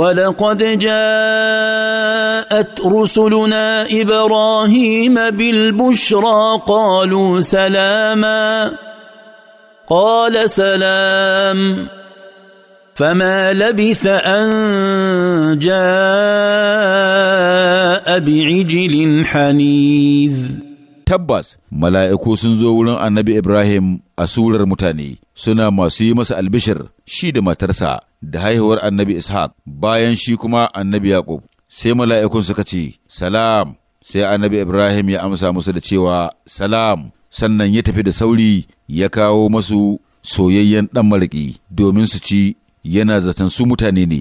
ولقد جاءت رسلنا ابراهيم بالبشرى قالوا سلاما قال سلام فما لبث ان جاء بعجل حنيذ تبس ملائكة سنزول النبي ابراهيم اسول المتاني سنا ما سيمس البشر شيد ما ترسى da haihuwar annabi Ishaq bayan shi kuma annabi Yaqub sai mala'ikun suka ce salam sai annabi Ibrahim ya amsa musu da cewa salam sannan ya tafi da sauri ya kawo masu soyayyen ɗan maraƙi domin su ci yana zaton su mutane ne.